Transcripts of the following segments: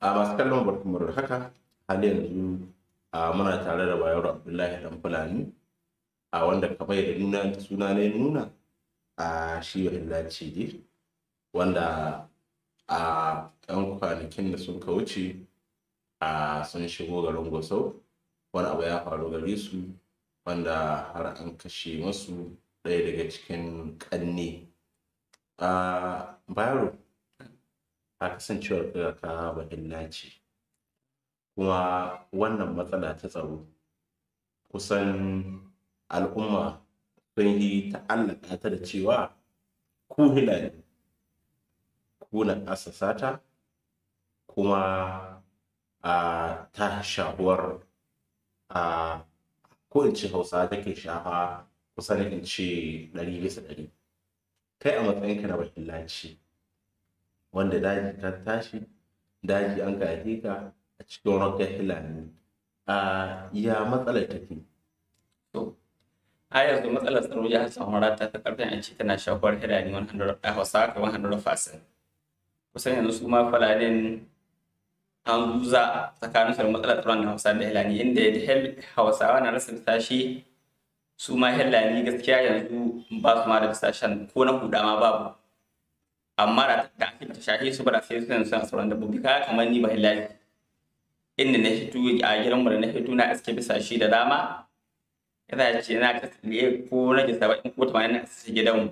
a masu kallon barkumar da haka har yanzu a muna tare da bayar abdullahi dan fulani a wanda kamar da nuna suna ne nuna a shi wahila cidi wanda a yan kwanakin da sun wuce a sun shigo garin gosau wani abu ya faru gare su wanda har an kashe masu ɗaya daga cikin ƙanne a bayero a kasancewar ka bahilla ce kuma wannan matsala ta tsaro kusan al'umma sun yi ta'allaka ta da cewa ku hilali, ku na asasa ta kuma a ta shahuwar a ko in ce hausa take shafa kusan in ce ɗari bisa ɗari kai a matsayinka na wakilanci wanda daji ta tashi daji an ka ka a cikin ragar hilani a ya matsala take to a yanzu matsalar tsaro ya samu rata ta karfin a ce tana shafuwar hilani 100 a hausa ka 100 kusan yanzu su ma falanin an guza tsakanin da matsalar tsaron da hausa da hilani inda hausawa na rasa tashi su ma hilani gaskiya yanzu ba su ma da bisashen ko na huda ma babu amma da da ake ta shahi su bara sai sun san sauran dabbobi kaya kamar ni ba lafi inda na fito a gidan mu da na fito na aske bisa shi da dama yana ce na tsaye ko na ke saba'in ko tamanin na aske gidan mu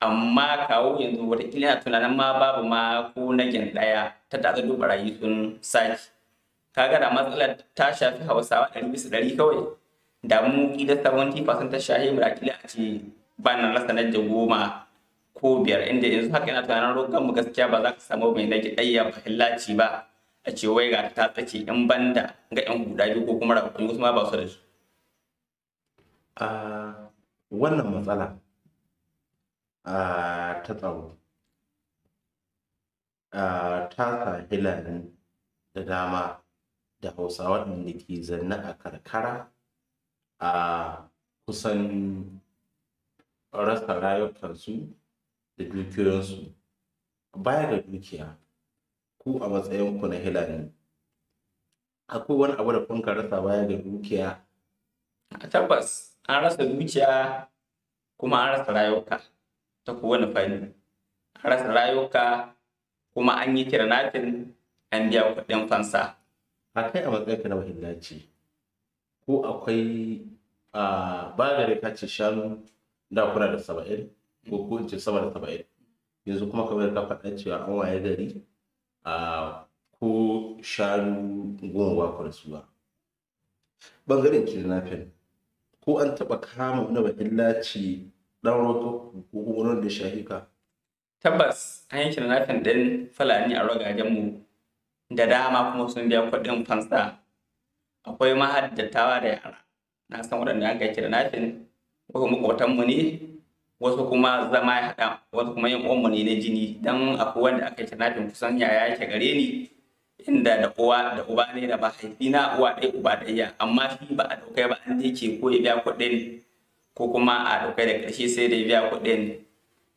amma kawo yanzu watakila yana tunanin ma babu ma ko na gin daya ta tatsa duba rayu sun saki kaga da matsalar ta shafi hausawa ɗari bisa ɗari kawai da mu kila 70% ta shahi mu da kila a ce ba na rasa na goma ko biyar inda yanzu haka yana tunanin rogon mu gaskiya ba za ka samu mai nake ɗaya fahillaci ba a ce wai ga ta tsaki in banda ga yan guda biyu ko kuma rabu wasu ma ba su da su. wannan matsala ta tsaro ta sahilanin da dama da hausawa da ke zanne a karkara a kusan rasa rayukansu da dukiyoyinsu baya ga dukiya ku a matsayinku na hilani akwai wani abu da kun rasa baya ga dukiya a tabbas an rasa dukiya kuma an rasa rayuka ta kowane fani an rasa rayuka kuma an yi kirnatin an biya kuɗin fansa a kai a matsayinka na mahillaci ko akwai a ah, bagare ka ce shanu da kuna da saba'in ko ko ce sama da saba'in yanzu kuma kamar ka faɗa cewa an waye gari a ko shanu goma ba ku ba bangaren kidnapping ko an taɓa kama wani illa ce ɗan roto ko kuma da shahika tabbas an yi kidnapping ɗin fulani a mu da dama kuma sun biya kuɗin fansa akwai mahaddatawa da yara na san waɗanda aka yi kidnapping ko mu ne wasu kuma zama ya haɗa wasu kuma yin uwanmu ne na jini don akwai wanda aka yi tanadin kusan yaya yake gare ni inda da uwa da uba ne da na uwa ɗaya uba ɗaya amma shi ba a ɗaukai ba an yake ko ya biya kuɗin ko kuma a ɗaukai da ƙarshe sai da ya biya kuɗin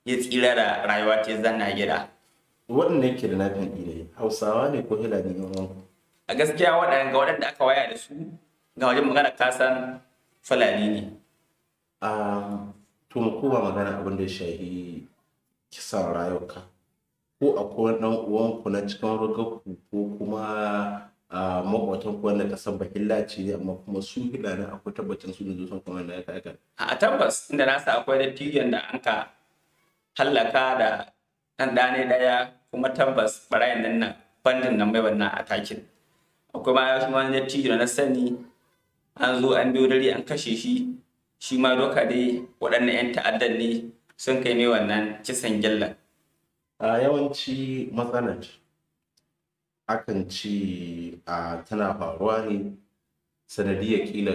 ya tsira da rayuwa zan zanna gida. waɗanda ke da nafin ire hausawa ne ko hilani ne? a gaskiya waɗanda waɗanda aka waya da su ga wajen magana kasan fulani ne. to ko ba magana abin da ya shahi kisan rayuka ko akwai dan uwanku na cikin rugarku ko kuma a makwatan ku wanda kasan bakin laci ne amma kuma su hida ne akwai tabbacin su ne zuwa kuma na ya kan a tabbas inda na sa akwai dattijon da an ka hallaka da ɗan ɗane ɗaya kuma tabbas barayin nan nan bandin nan mai wannan atakin akwai ma shi wani dattijo na sani an zo an biyo dare an kashe shi shi ma doka dai waɗannan 'yan ta'addan ne sun kai mai wannan kisan gyallan. a yawanci matsalar akan ci a tana faruwa ne sanadiyar kila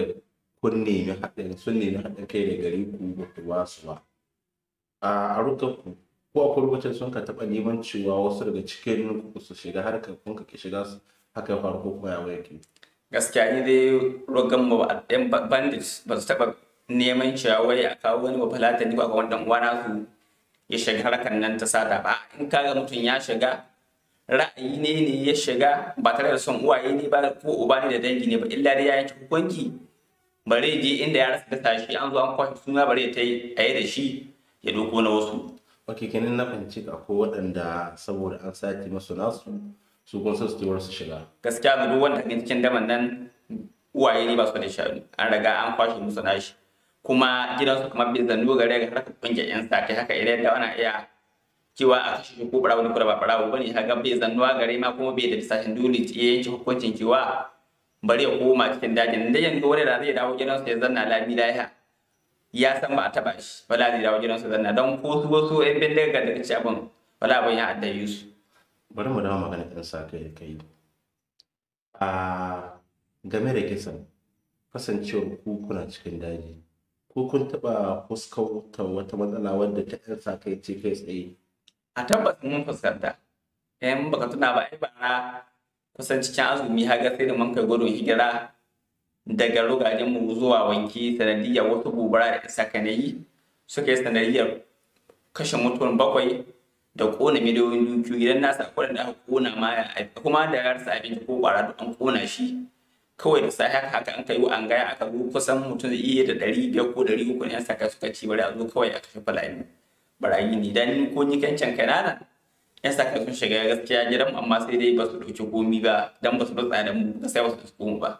kun nemi haɗin sun nemi haɗin kai da gari ku ba ku ba su ba a rukan ku ko a kurbacin sun ka taɓa neman cewa wasu daga cikin ku su shiga harkar kun ka ki shiga su haka faru ko kuma ya gaskiya ni dai rogan ba bandit ba su taɓa neman cewa wai a kawo wani bafalatani ta a ga wannan uwana su ya shiga harkar nan ta sata ba in kaga mutum ya shiga ra'ayi ne ne ya shiga ba tare da son uwaye ne ba ko uba ne da dangi ne ba illa dai ya yanke hukunci bare je inda ya rasa da shi an zo an kwashe suna bare ta yi a da shi ya doko na wasu ok kenan na fahimci ka ko waɗanda saboda an sace masu nasu su kun san su su shiga gaskiya ga duk wanda cikin daman nan uwaye ne ba su da shanu an riga an kwashe musu nashi kuma gidansu kamar bai zannu gare ga harkar kungiyar yan sa kai haka idan da ana iya cewa a kashe ko barawo ne ko ba barawo bane haka bai zannuwa gare ma kuma bai da bisashin dole ya yanke hukuncin cewa bari ya koma cikin dajin da yanzu wani da zai dawo gidansu ya zanna lami da ya san ba a taba shi wala zai dawo gidansu zanna dan ko su wasu yan bin daga daga ci abin wala abin ya adda yusu bari mu dawo magana kan sa kai kai a game da kisan kasancewar ku kuna cikin daji ko kun taɓa fuskantar wata matsala wadda ta ɗan sa kai ce kai tsaye. A tabbas mun fuskanta. Eh, mun baka tuna ba ai bara kusan cikin azumi haga sai da mun kai gudun hijira daga rugajen mu zuwa wanki sanadiyar wata gobara da isa ka yi suka yi sanadiyar kashe mutuwar bakwai da kona miliyoyin dukiyoyi idan na sa akwai da aka kona ma kuma da yarsa abinci ko kwara an kona shi kawai da sai haka an kai wa an gaya aka zo kusan mutum zai iya da ɗari biyar ko ɗari uku ne ya saka suka ci bari a zo kawai a kafe bala'in barayi ne dan ko ni kancan kanana ya saka sun shiga gaskiya gidan amma sai dai ba su ɗauki komi ba dan ba su rutsa da mu sai ba su ɗauki ba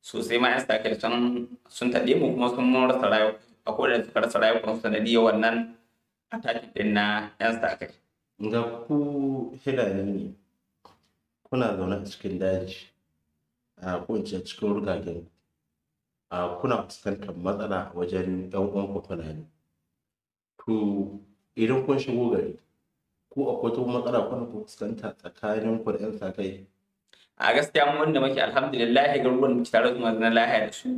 sosai ma ya saka sun sun taɗe mu kuma sun mun rasa rayuwa ko da suka rasa rayuwa su nan wannan atakin ɗin na yan sa kai. Ga ku shida ne, kuna zaune a cikin daji, ko in ce cikin rugagen kuna fuskantar matsala wajen yan uwanku fulani to idan kun shigo gari ko akwai wata matsala kuna fuskanta tsakanin ku da yan sa kai a gaskiya mun wanda muke alhamdulillah ga ruwan mu tare da na lahiya da su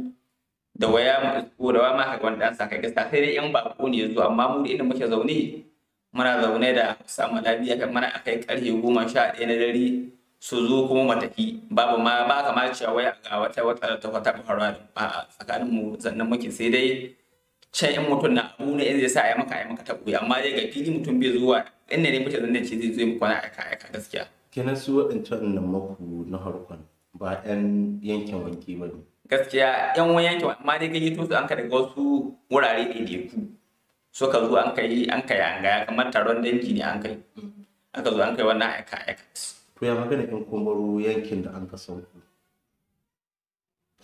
da waya ko da ma ga wanda yan sa kai gaskiya sai dai yan bako ne zuwa amma mu inda muke zaune muna zaune da samu lafiya kan mana akai karfe goma sha ɗaya na dare su zo kuma mataki babu ma ba kamar cewa wai a wata wata ta kwata faruwa a tsakanin mu zannan muke sai dai can in mutum na abu ne in zai sa a yi maka a yi maka taɓuya amma dai ga fili mutum bai zuwa inda ne mutum zannan ce zai zo muku kwana aika aika gaskiya. kenan su waɗancan nan maku na harkon ba ɗan yankin wanke ba ne. gaskiya 'yan wani yankin amma dai gayyato su an ka daga wasu wurare da ɗaiɗaiku suka zo an kai an kai an gaya kamar taron dangi ne an kai aka zo an kai wannan aika aika to ya magana in kuma yankin da an kasan ku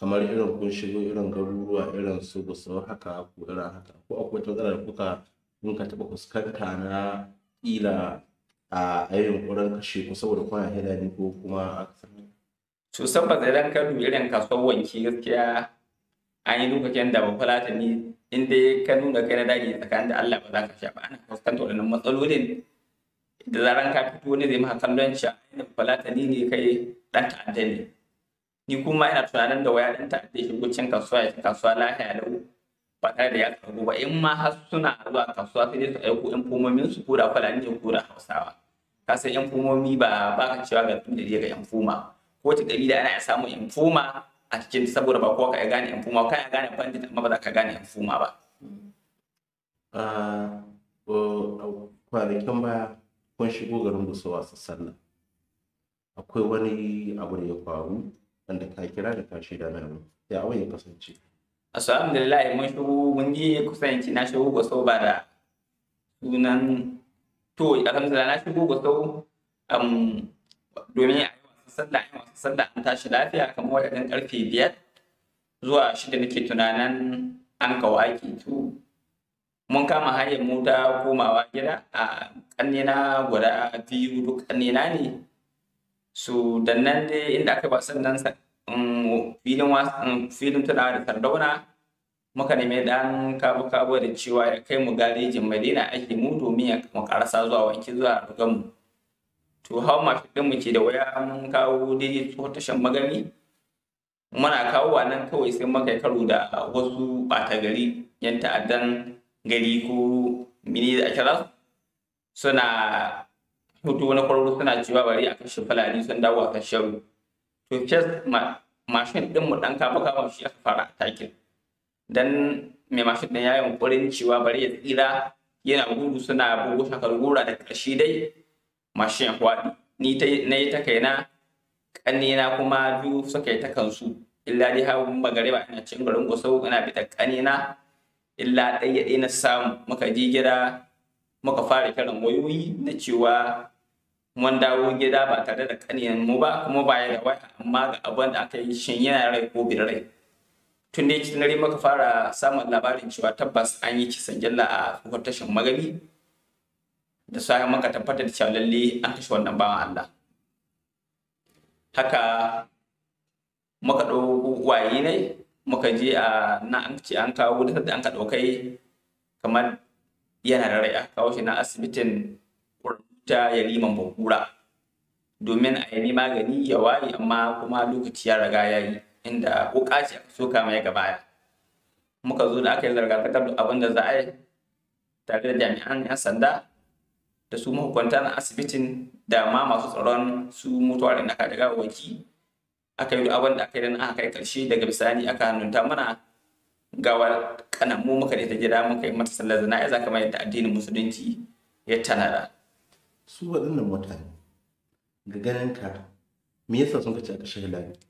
kamar irin kun shigo irin garuruwa irin su ba su haka ko irin haka ko akwai tazarar kuka in ka taɓa fuskanta na ƙila a ayyukan ƙuran kashe ku saboda kwana hira ne ko kuma a to saboda idan ka dubi irin kasuwan wanki gaskiya an yi lokacin da ba fulata ne in dai ka nuna kai na dage tsakanin da Allah ba za ka sha ba ana fuskantar wannan matsalolin da zaran ka fito wani zai maka kallon shi a falata ni ne kai dan ta'adda ne ni kuma ina tunanin da waya ɗan ta'adda shi gucin kasuwa ya kasuwa lafiya lau ba tare da ya karbu ba in ma har suna zuwa kasuwa sai dai su aiko ƴan fumomin su kura fulani ne kura hausawa ka san ƴan fumomi ba ba ka cewa ga tun da ga yan fuma ko ta da ana samu yan fuma a cikin saboda ba kowa ka gane yan fuma ka gane bandit amma ba za ka gane yan fuma ba ah, kwanakin baya kun shigo garin Gusowa sassan nan akwai wani abu da ya faru wanda ka kira da ka shaida na yau ya awon ya kasance alhamdulillah mun shigo mun yi kusanci na shigo Gusowa ba da sunan to alhamdulillah na shigo Gusowa um, domin a yi sallah a yi wasu sallah an tashi lafiya kamar wadannan karfe biyar zuwa shida nake tunanin an kawo aiki to mun kama hanyar mu ta komawa gida a ƙannena guda biyu duk ƙannena ne so da dai inda aka ba sannan um, filin um, filin da sardauna muka nemi dan kabu kabu da cewa ya kai mu garejin madina ake mu domin ya mu karasa zuwa wanki zuwa rugan mu to hau mafi ɗin muke da waya mun kawo dai tashan magani muna kawo nan kawai sai muka karo da wasu ɓata gari yan ta'addan gari ko mini da kira suna hutu na kwararo suna cewa bari a kashe fulani sun dawo a kashe ru to kes mashin din mu dan kafa kafa shi aka fara atakin dan mai mashin din yayin yunkurin cewa bari ya tsira yana gudu suna bugu shakar gura da kashi dai mashin ya ni ta na yi ta kaina kuma biyu suka yi ta kansu illa dai har magariba ina cin garin gosau ina bi ta illa ɗaya ɗaya na samu muka je gida muka fara kiran wayoyi na cewa mun dawo gida ba tare da ƙaniyan mu ba kuma ba ya da waya amma ga abin da aka yi shin yana rai ko bin rai tun da cikin dare muka fara samun labarin cewa tabbas an yi kisan gilla a kofar tashin magani da sai muka tabbatar da cewa lalle an kashe wannan bawan Allah haka muka ɗau waye ne muka je a na an ce an kawo da an ka ɗaukai kamar yana da rai a kawo shi na asibitin ya yariman bakura domin a yi magani ya waye amma kuma lokaci ya raga ya yi inda ko kashi aka soka mai gabaya muka zo da aka yi zargatakar da abin da za a yi tare da jami'an 'yan sanda da su mahukunta na asibitin da ma masu tsaron su mutuwa da naka da waki. aka yi abin da aka yi aka yi karshe daga bisani aka hannunta mana gawar kanan mu muka ta gida muka yi mata sallar ya zana'iza kamar yadda addinin musulunci ya tanada su waɗannan mutane ga ganin ka me yasa sun kace aka shahi lafiya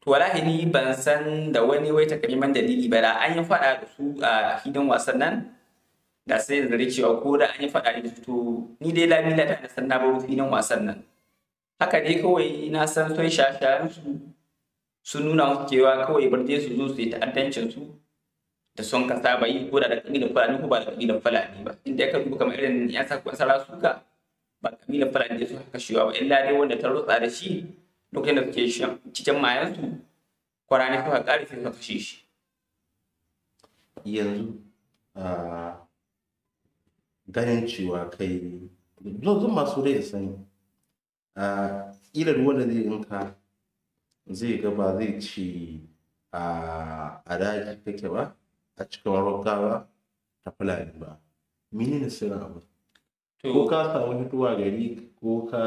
to wallahi ni ban san da wani wai takaliman dalili ba da an yi faɗa da su a hidin wasan nan da sai da cewa ko da an yi faɗa da su to ni dai lamila ta da san na filin wasan nan haka dai kawai na san son shashayen su sun nuna musu cewa kawai bar dai su zo su yi ta'addancin su da son ka saba yi ko da da kabilan fulani ko ba da kabilan fulani ba inda ka duba kamar irin ya sa kwasara suka ba kabilan fulani da su haka shiwa ba illa dai wanda ta rutsa da shi lokacin da suke cikin mayansu kwarane suka kare sai suka kashe shi yanzu ganin cewa kai zan masu rai da sani a ƙila duk wanda zai ganka zai gaba zai ci a daji kake ba, a cikin rugga ba, ta Fulani ba. mini Menene sira abu. Ko ka samu hituwa gari ko ka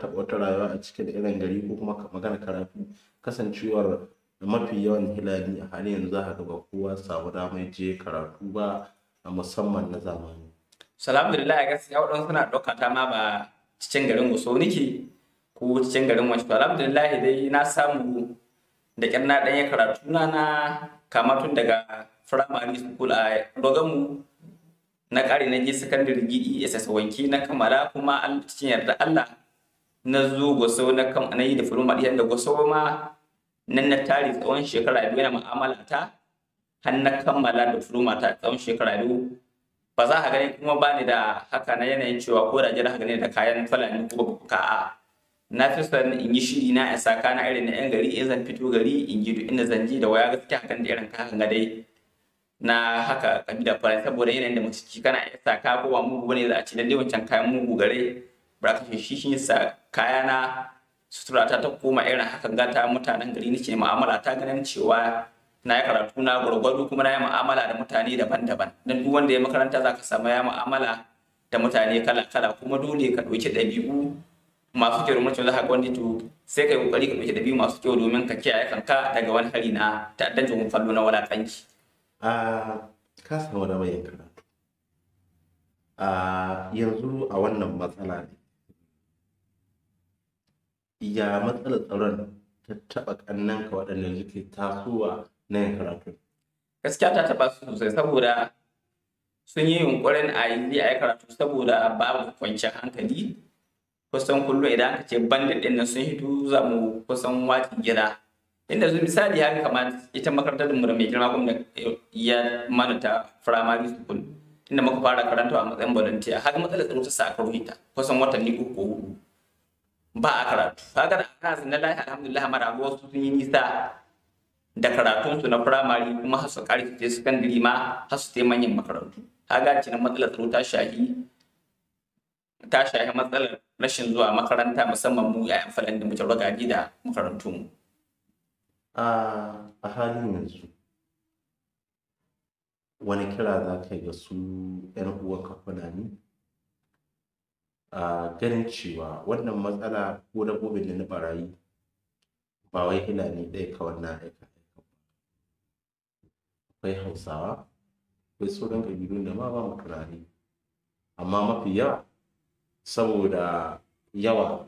taɓa wata rayuwa a cikin irin gari ko kuma magana karatu kasancewar mafi yawan hilali a halin yanzu za ka gaba kowa samu damar je karatu ba a musamman na zamani. salamu alhamdulillah ya waɗansu suna ɗaukata ma ba cikin garin Goso nake ko cikin garin Wanshi. Alhamdulillah dai na samu da ƙyar ɗan ya karatu na na kamatun daga firamare school a Rogamu na ƙari na gisa sakandare gidi SS wanki na kammala kuma cikin yarda Allah na zo Goso na kam na yi da firma ɗiyan da Goso ma nan na tare tsawon shekara biyu na mu'amala ta har na kammala da firma ta tsawon shekara biyu ba za a gani kuma ba ni da haka na yanayin cewa ko da jira gani da kayan falani ko ka? a na fi son in yi shiri na isa kana irin na yan gari in zan fito gari in gidu inda zan ji da waya gaskiya hakan da irin kakan ga dai na haka da fara saboda yanayin da mace ci kana isa ka ko ba mugu bane za a ci dai wancan kayan mugu gare ba ka shi shi sa kaya na sutura ta koma irin hakan ga ta mutanen gari nake mu'amala ta ganin cewa na yi karatu na gwargwado kuma na yi mu'amala da mutane daban-daban don duk wanda ya makaranta za ka samu ya mu'amala da mutane kala-kala kuma dole ka ɗauki ɗabi'u masu kyau domin za ka wani to sai ka yi ƙoƙari ka ɗauki ɗabi'u masu kyau domin ka kiyaye kanka daga wani hari na ta'addancin fallo na wulaƙanci. a ka samu da mai karatu a yanzu a wannan matsala ne ya matsalar tsaron ta taɓa ƙannanka waɗanda suke tasowa karatu gaskiya ta taba su sosai saboda sun yi yunkurin a yi a yi karatu saboda babu kwanciyar hankali kusan kullum idan aka ce ban din nan sun hito za mu kusan wace gida inda su misali haka kamar ita makarantar mu da mai girma kuma ya mana ta primary school inda muka fara karanta a matsayin volunteer har matsalar tsaro ta sa aka rubuta kusan watanni uku ba a karatu kaga da aka na lahi alhamdulillah mara wasu sun yi nisa da karatunsu na firamare kuma hasu su ƙarfi je sakandiri ma hasu su manyan makarantu kaga ci na matsalar tsaro ta shahi ta shahi matsalar rashin zuwa makaranta musamman mu yayan falan da mu ragadi da makarantu mu a halin yanzu wani kira za ka yi ga su yan uwa fulani a ganin cewa wannan matsala ko dabbobin da na barayi ba wai ina ne ɗaya ka wannan haifar. akwai hausawa akwai sauran kabilun da ma ba mu turare amma mafi yawa saboda yawa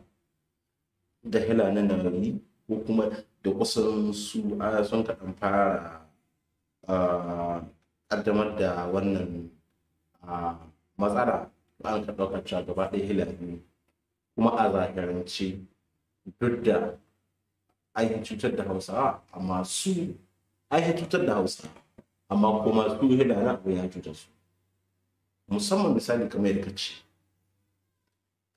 da hilanin da bari ko kuma da kusan su a sun dan fara ƙaddamar da wannan matsala an ka ɗaukar cewa gaba ɗaya hilani kuma a zahirance duk da an cutar da hausawa amma su an cutar da hausawa amma kuma su yi na abu ya cuta su musamman misali kamar yadda kace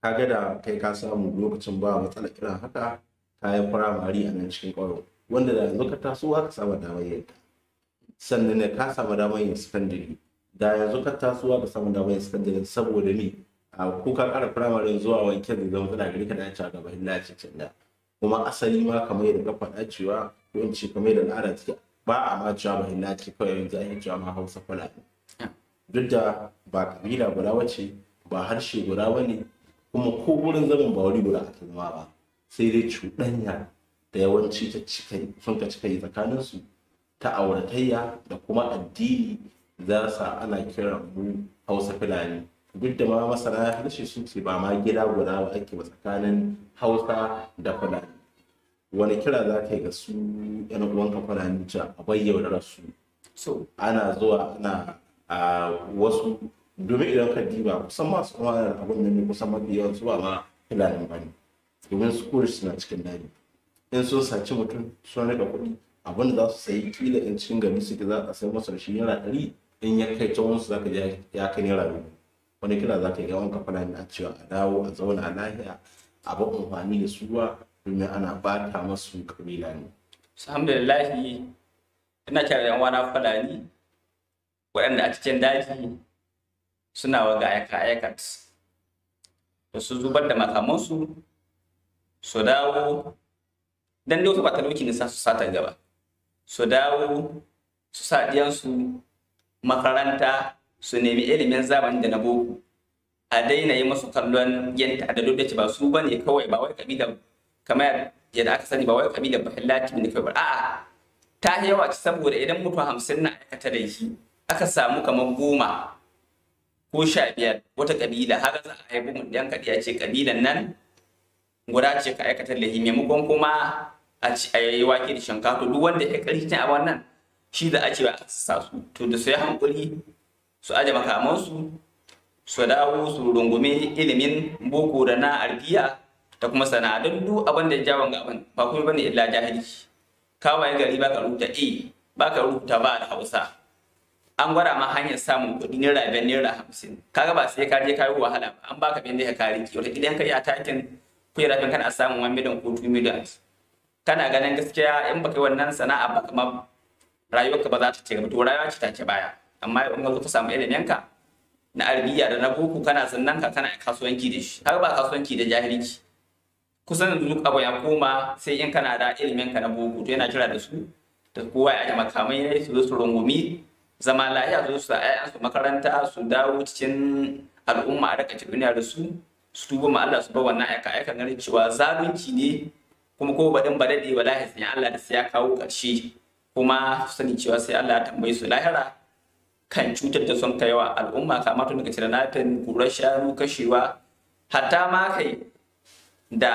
ka ga da kai ka samu lokacin ba matsala irin haka ta yi firamare a nan cikin kwaro wanda da yanzu ka taso ka samu damar yadda sannan ne ka samu damar yin sakandare da yanzu ka taso ka samu damar yin sakandare saboda ni a ko ka kara firamare zuwa wanke da zama tana gari ka dace a gaban lafiya da kuma asali ma kamar yadda ka faɗa cewa ko in ce kamar yadda al'ada take ba a ma cewa ke kawai yanzu an yi jama'a hausa fulani duk da ba kabila guda wace ba harshe guda ne kuma ko wurin zaman ba wuri guda aka zama ba sai dai cuɗanya da yawanci ta cika sun ka cika yi tsakanin su ta auratayya da kuma addini za sa ana kiran mu hausa fulani duk da ma masana harshe su ce ba ma gida guda ba ake ba tsakanin hausa da fulani wani kira za ka yi ga su yan uwanka faranica a bayyana rasu so ana zuwa ana a wasu domin idan ka diba kusan masu kuma abin da ne kusan mafi yawan zuwa ba ma filanin ba ne domin su kuri suna cikin dare in sun saci mutum sun rika kuɗi abin da za su sayi kila in cikin gari suke za a sayar masa shi yana ɗari in ya kai can wasu za ka ya kai naira dubu wani kira za ka yi ga wanka fulani a cewa a dawo a zauna a lahiya a ba amfani da suwa ne ana bata masu kabila ne alhamdulillahi ina tare da wana fulani waɗanda a cikin daji suna waga aika aikat da su zubar da makamansu su dawo dan dai su bata doki nisa su sata gaba su dawo su sa diyansu makaranta su nemi ilimin zamani da na boko a daina yi masu kallon yanta da duk da ba su bane kawai ba wai kabilar kamar yadda aka sani ba wai kabila bahillati ne kai ba a'a ta yawa saboda idan mutum hamsin na aikata da shi aka samu kamar goma ko sha biyar wata kabila haka za a haifi mun ɗan kaɗi ce kabilan nan guda ce ka aikata da maimakon kuma a ci a yayi da shinkafa duk wanda ya ta a wannan shi da ake ba a sa su to da su yi hankuri su aje makamansu su dawo su rungume ilimin boko da na arbiya Ta kuma sana'a don duk abin da ya ga abin ba kuma bane illa jahilci kawai gari ba ka rubuta a ba rubuta ba da hausa an gwara ma hanyar samun kuɗi naira biyar naira hamsin kaga ba sai ka je ka yi wahala ba an baka bin da ka ki wata gidan ka yi a takin rafin kana samun wani miliyan ko 2 miliyan kana ganin gaskiya in baka yi wannan sana'a ba kamar rayuwarka ba za ta ce gaba to rayuwa ce ta ce baya amma in ka samu iliminka na arbiya da na boko kana sannan ka kana kasuwanci da shi kaga ba kasuwanci da jahilci kusan duk abu ya koma sai in kana da ilimin ka na bugu, to yana kira da su da kowa ya yi makamai ne su zo su rungumi zama lahiya su zo su ayyana su makaranta su dawo cikin al'umma a raka duniya da su su tuba ma Allah su ba wannan aika aika ganin cewa zalunci ne kuma ko baɗin ba daɗe ba lahiya sai Allah da sai ya kawo karshe kuma su sani cewa sai Allah ya tambaye su lahira kan cutar da son kaiwa al'umma kamar tun daga cire nafin kurar shanu kashewa hatta ma kai da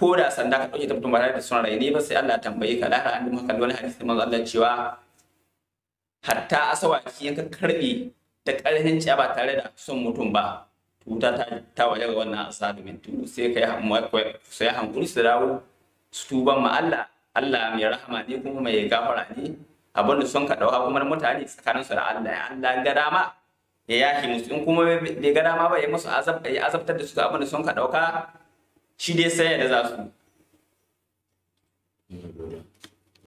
ko da sanda ka ɗauke ta mutum ba tare da suna raini ba sai Allah tambaye ka lahar an haka wani hadisi manzo Allah cewa hatta asawaki yanka karɓe da ƙarfin ciya ba tare da son mutum ba tuta ta ta waje ga wannan asalumin to sai kai sai hankuri su dawo su tuban ma Allah Allah mai rahama ne kuma mai gafara ne abin da sun ka ɗauka kuma mutane tsakaninsu da Allah ya Allah ga dama ya yaki musu in kuma bai ga dama ba ya musu azabtar da su abin da sun ka ɗauka shi dai sai da za su